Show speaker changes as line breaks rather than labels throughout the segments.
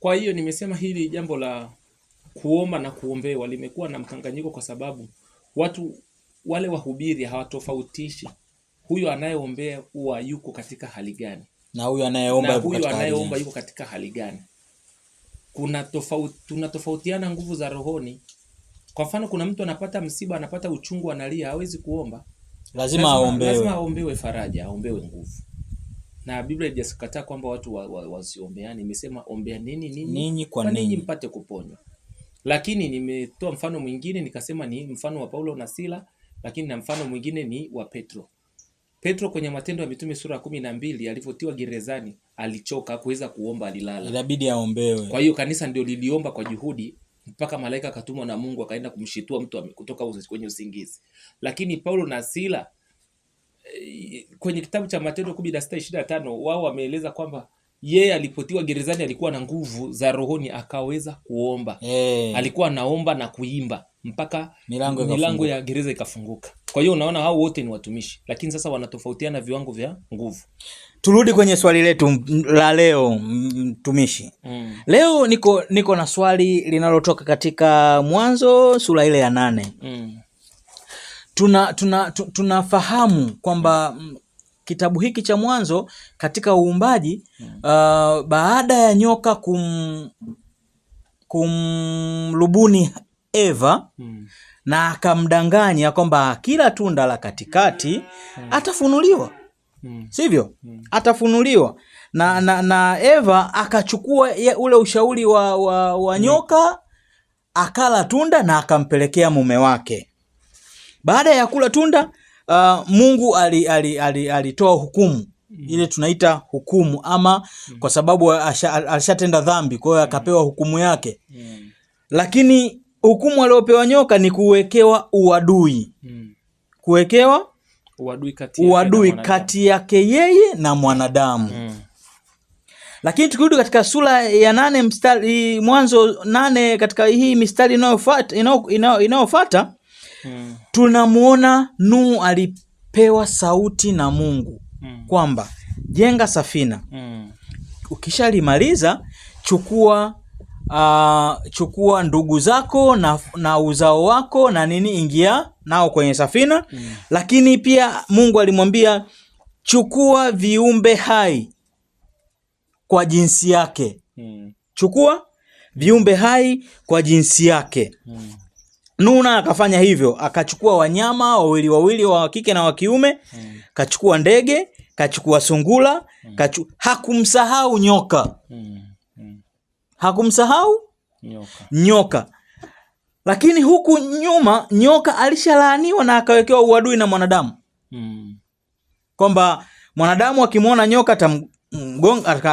Kwa hiyo nimesema hili jambo la kuomba na kuombewa limekuwa na mkanganyiko kwa sababu watu wale wahubiri hawatofautishi huyu anayeombea huwa yuko katika hali gani
na huyu anayeomba
yuko katika, anayeomba yuko katika hali gani. Kuna tofauti, tunatofautiana nguvu za rohoni. Kwa mfano, kuna mtu anapata msiba, anapata uchungu, analia, hawezi kuomba,
lazima aombewe,
lazima aombewe faraja, aombewe nguvu na Biblia haijakataa kwamba watu wasiombeane wa, wa, yaani imesema ombeaneni ninyi ninyi kwa ninyi mpate kuponywa. Lakini nimetoa mfano mwingine nikasema ni mfano wa Paulo na Sila, lakini na mfano mwingine ni wa Petro. Petro kwenye Matendo ya Mitume sura ya kumi na mbili alivyotiwa gerezani alichoka, kuweza kuomba, alilala,
ilabidi aombewe.
Kwa hiyo kanisa ndio liliomba kwa juhudi mpaka malaika akatumwa na Mungu akaenda kumshitua mtu kutoka kwenye usingizi. Lakini Paulo na Sila Eh, kwenye kitabu cha Matendo kumi na sita ishirini na tano wao wameeleza kwamba yeye alipotiwa gerezani alikuwa na nguvu za rohoni, akaweza kuomba hey. Eh. Alikuwa anaomba na kuimba mpaka milango, milango ya gereza ikafunguka. Kwa hiyo unaona hao wote ni watumishi, lakini sasa wanatofautiana viwango vya nguvu.
Turudi kwenye swali letu la leo mtumishi. Mm. Leo niko niko na swali linalotoka katika Mwanzo sura ile ya nane. Mm tuna, tuna, tuna, tunafahamu kwamba mm, kitabu hiki cha Mwanzo katika uumbaji hmm. uh, baada ya nyoka kum kumlubuni Eva hmm. na akamdanganya kwamba kila tunda la katikati hmm. atafunuliwa hmm. sivyo? hmm. atafunuliwa na, hmm. na, na Eva akachukua ule ushauri wa, wa, wa nyoka akala tunda na akampelekea mume wake baada ya kula tunda uh, Mungu alitoa ali, ali, ali hukumu mm. ile tunaita hukumu ama, mm. kwa sababu alishatenda dhambi, kwa hiyo mm. akapewa hukumu yake. Lakini hukumu aliyopewa nyoka ni kuwekewa uadui, kuwekewa uadui kati yake yeye na mwanadamu mm. Lakini tukirudi katika sura ya nane mstari Mwanzo nane katika hii mistari inayofuata Tunamwona Nuhu alipewa sauti na Mungu mm. kwamba jenga safina mm. Ukishalimaliza chukua uh, chukua ndugu zako na, na uzao wako na nini, ingia nao kwenye safina mm. Lakini pia Mungu alimwambia chukua viumbe hai kwa jinsi yake mm. Chukua viumbe hai kwa jinsi yake mm. Nuna akafanya hivyo, akachukua wanyama wawili wawili wa kike na wa kiume hmm. Kachukua ndege, kachukua sungula hmm. kachu... hakumsahau nyoka hmm. Hmm. hakumsahau nyoka, nyoka. Lakini huku nyuma nyoka alishalaaniwa na akawekewa uadui na mwanadamu hmm. kwamba mwanadamu akimwona nyoka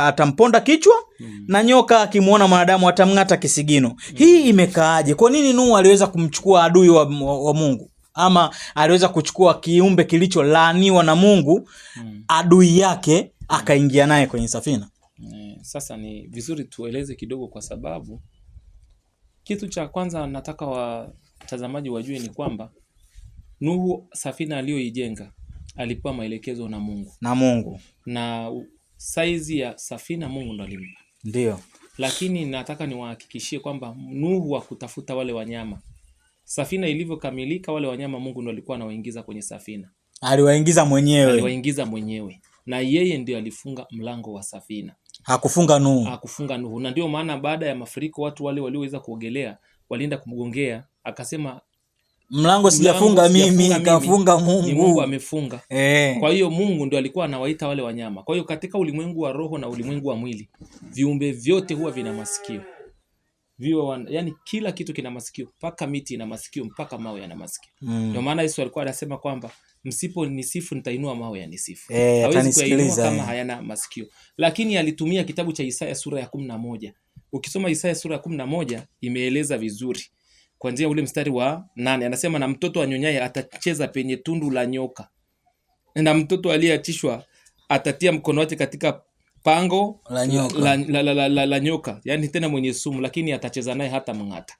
atamponda kichwa Hmm. na nyoka akimwona mwanadamu atamng'ata kisigino mm. hii hmm. imekaaje? Kwa nini Nuhu aliweza kumchukua adui wa, wa Mungu ama aliweza kuchukua kiumbe kilicholaaniwa na Mungu mm. adui yake akaingia naye kwenye safina?
Eh, sasa ni vizuri tueleze kidogo, kwa sababu kitu cha kwanza nataka watazamaji wajue ni kwamba Nuhu safina aliyoijenga alipewa maelekezo na Mungu na Mungu na saizi ya safina Mungu ndo alimpa. Ndiyo, lakini nataka niwahakikishie kwamba Nuhu kutafuta wale wanyama. Safina ilivyokamilika, wale wanyama Mungu ndio alikuwa anawaingiza kwenye safina.
Aliwaingiza mwenyewe.
Aliwaingiza mwenyewe. Na yeye ndio alifunga mlango wa safina.
Hakufunga Nuhu.
Hakufunga Nuhu. Na ndio maana baada ya mafuriko watu wale walioweza kuogelea walienda kumgongea, akasema
mlango sijafunga mimi, kafunga Mungu. amefunga. E.
Kwa hiyo Mungu ndio alikuwa anawaita wale wanyama. Kwa hiyo katika ulimwengu wa roho na ulimwengu wa mwili, viumbe vyote huwa vina masikio. Viwa wan... yani kila kitu kina masikio, mpaka miti ina masikio, mpaka mawe yana masikio. Mm. ndio Mm. maana Yesu alikuwa anasema kwamba msipo nisifu nitainua mawe ya nisifu E, hawezi kuyainua kama hayana masikio. Lakini alitumia kitabu cha Isaya sura ya kumi na moja. Ukisoma Isaya sura ya kumi na moja imeeleza vizuri kuanzia ule mstari wa nane anasema, na mtoto anyonyaye atacheza penye tundu la nyoka, na mtoto aliyeachishwa atatia mkono wake katika pango la nyoka, la, la, la, la, la, la nyoka. Yani tena mwenye sumu, lakini atacheza naye hata mng'ata.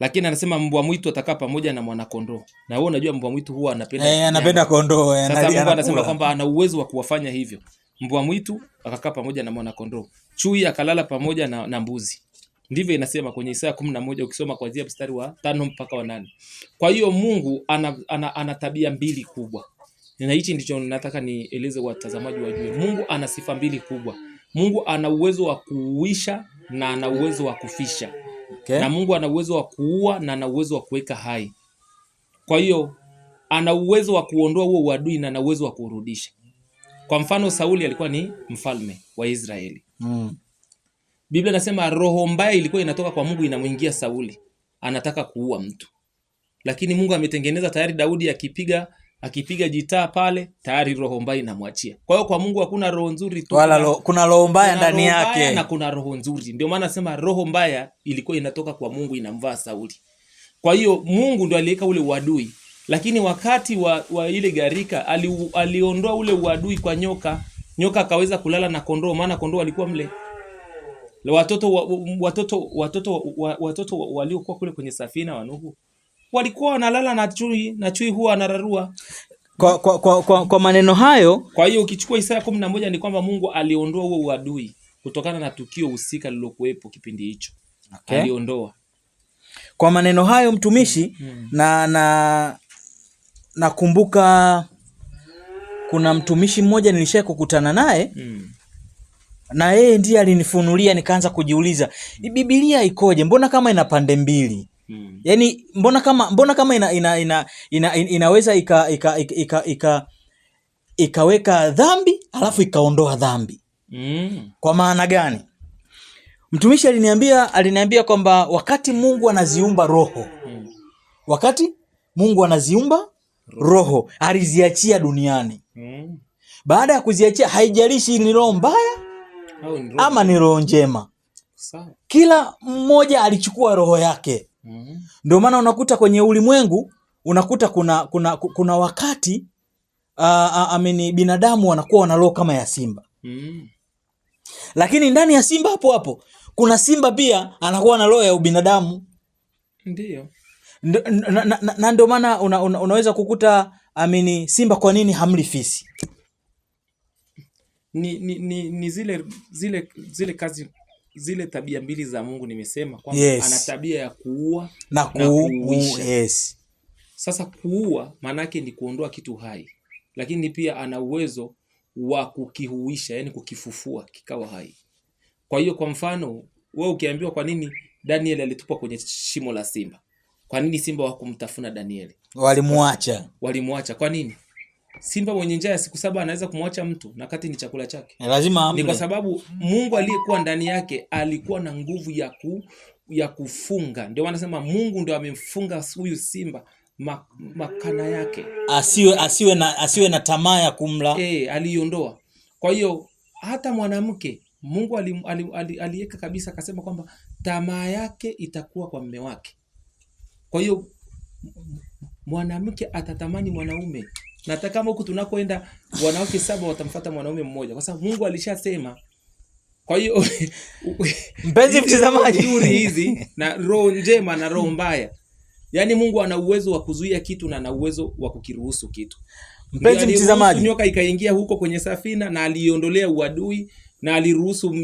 Lakini anasema mbwa mwitu atakaa pamoja na mwana kondoo. Na wewe unajua mbwa mwitu huwa anapenda
hey, eh, anapenda kondoo.
Eh, Sasa Mungu anasema kwamba ana uwezo wa kuwafanya hivyo. Mbwa mwitu akakaa pamoja na mwana kondoo, chui akalala pamoja na, na mbuzi Ndivyo inasema kwenye Isaya kumi na moja ukisoma kuanzia mstari wa tano mpaka wa nane. Kwa hiyo Mungu ana, ana, ana tabia mbili kubwa, na hichi ndicho nataka nieleze watazamaji wajue. Mungu ana sifa mbili kubwa. Mungu ana uwezo wa kuuisha na ana uwezo wa kufisha okay. Na Mungu ana uwezo wa kuua na ana uwezo wa kuweka hai. Kwa hiyo ana uwezo wa kuondoa huo uadui na ana uwezo wa kurudisha. Kwa mfano Sauli alikuwa ni mfalme wa Israeli mm. Biblia inasema roho mbaya ilikuwa inatoka kwa Mungu inamwingia Sauli, anataka kuua mtu, lakini Mungu ametengeneza tayari. Daudi akipiga akipiga jitaa pale tayari roho mbaya inamwachia. Kwa hiyo kwa Mungu hakuna roho nzuri tu,
wala ro, kuna roho mbaya ndani yake
na kuna roho nzuri. Ndio maana nasema roho mbaya ilikuwa inatoka kwa Mungu inamvaa Sauli. Kwa hiyo Mungu ndo aliweka ule uadui, lakini wakati wa, wa ile gharika ali, aliondoa ule uadui kwa nyoka. Nyoka akaweza kulala na kondoo, maana kondoo alikuwa mle watoto watoto watoto watoto waliokuwa kule kwenye safina wa Nuhu walikuwa wanalala na chui, na chui huwa anararua.
Kwa, kwa, kwa, kwa, kwa maneno hayo,
kwa hiyo ukichukua Isaya kumi na moja ni kwamba Mungu aliondoa huo uadui kutokana na tukio husika lilokuwepo kipindi hicho okay. Aliondoa
kwa maneno hayo mtumishi hmm. na na nakumbuka kuna mtumishi mmoja kukutana naye hmm na yeye ndiye alinifunulia, nikaanza kujiuliza Biblia ikoje? Mbona kama ina pande mbili? Hmm. Yani mbona kama mbona kama ina, ina, ina, ina, inaweza ika, ika, ika, ika, ika ikaweka dhambi alafu ikaondoa dhambi.
Mm.
Kwa maana gani? Mtumishi aliniambia aliniambia kwamba wakati Mungu anaziumba roho. Mm. Wakati Mungu anaziumba roho, aliziachia duniani. Mm. Baada ya kuziachia haijalishi ni roho mbaya ama ni roho njema. Kila mmoja alichukua roho yake. Mm-hmm. Ndio maana unakuta kwenye ulimwengu unakuta kuna kuna kuna wakati uh, amini binadamu wanakuwa wana roho kama ya simba mm. Lakini ndani ya simba hapo hapo kuna simba pia anakuwa na roho ya ubinadamu, ndio na ndio maana una, una, unaweza kukuta amini simba, kwa nini hamli fisi?
ni, ni, ni, ni zile, zile, zile kazi zile tabia mbili za Mungu nimesema kwamba yes. Ana tabia ya kuua na, ku, kuuisha. Yes. Sasa kuua maanake ni kuondoa kitu hai, lakini pia ana uwezo wa kukihuisha, yani kukifufua kikawa hai. Kwa hiyo kwa mfano wewe ukiambiwa kwa nini Daniel alitupwa kwenye shimo la simba, kwa nini simba wakumtafuna Daniel?
Walimwacha,
walimwacha kwa nini? Simba mwenye njaa ya siku saba anaweza kumwacha mtu na kati ni chakula chake.
Eh, lazima amle.
Ni kwa sababu Mungu aliyekuwa ndani yake alikuwa na nguvu ya ku, ya kufunga. Ndio wanasema Mungu ndio amemfunga huyu Simba makana yake.
Asiwe asiwe na asiwe na tamaa ya kumla.
Eh, aliiondoa. Kwa hiyo hata mwanamke Mungu aliweka ali, ali, ali kabisa akasema kwamba tamaa yake itakuwa kwa mume wake. Kwa hiyo mwanamke atatamani mwanaume na hata kama huku tunakoenda wanawake saba watamfuata mwanaume mmoja, kwa sababu Mungu alishasema. Kwa hiyo
mpenzi mtazamaji,
nzuri hizi na roho njema na roho mbaya, yaani Mungu ana uwezo wa kuzuia kitu na ana uwezo wa kukiruhusu kitu.
Mpenzi mtazamaji,
nyoka ikaingia huko kwenye safina na aliondolea uadui na aliruhusu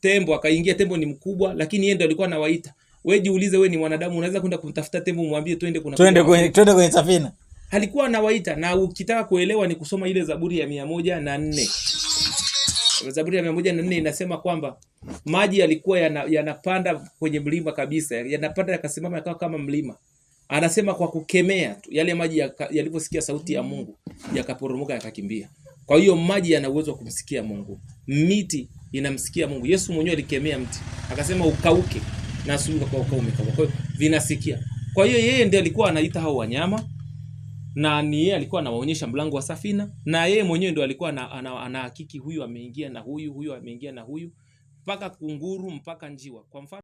tembo akaingia. Tembo ni mkubwa, lakini yeye ndo alikuwa anawaita. Wewe jiulize, wewe ni mwanadamu, unaweza kwenda kumtafuta tembo, umwambie twende, kuna
twende kwenye twende kwenye safina?
alikuwa anawaita, na ukitaka kuelewa ni kusoma ile Zaburi ya mia moja na nne. Zaburi ya mia moja na nne inasema kwamba maji yalikuwa yanapanda yana kwenye mlima kabisa, yanapanda yakasimama yakawa kama mlima. Anasema kwa kukemea tu yale maji yaliposikia ya sauti ya Mungu yakaporomoka yakakimbia. Kwa hiyo maji yana uwezo wa kumsikia Mungu, miti inamsikia Mungu. Yesu mwenyewe alikemea mti akasema ukauke, na asubuhi ukakauka umekauka. Kwa hiyo vinasikia. Kwa hiyo yeye ndiye alikuwa anaita hao wanyama na ni yeye alikuwa anawaonyesha mlango wa safina, na yeye mwenyewe ndo alikuwa anahakiki, huyu ameingia na huyu, huyu ameingia na huyu, mpaka kunguru mpaka njiwa, kwa mfano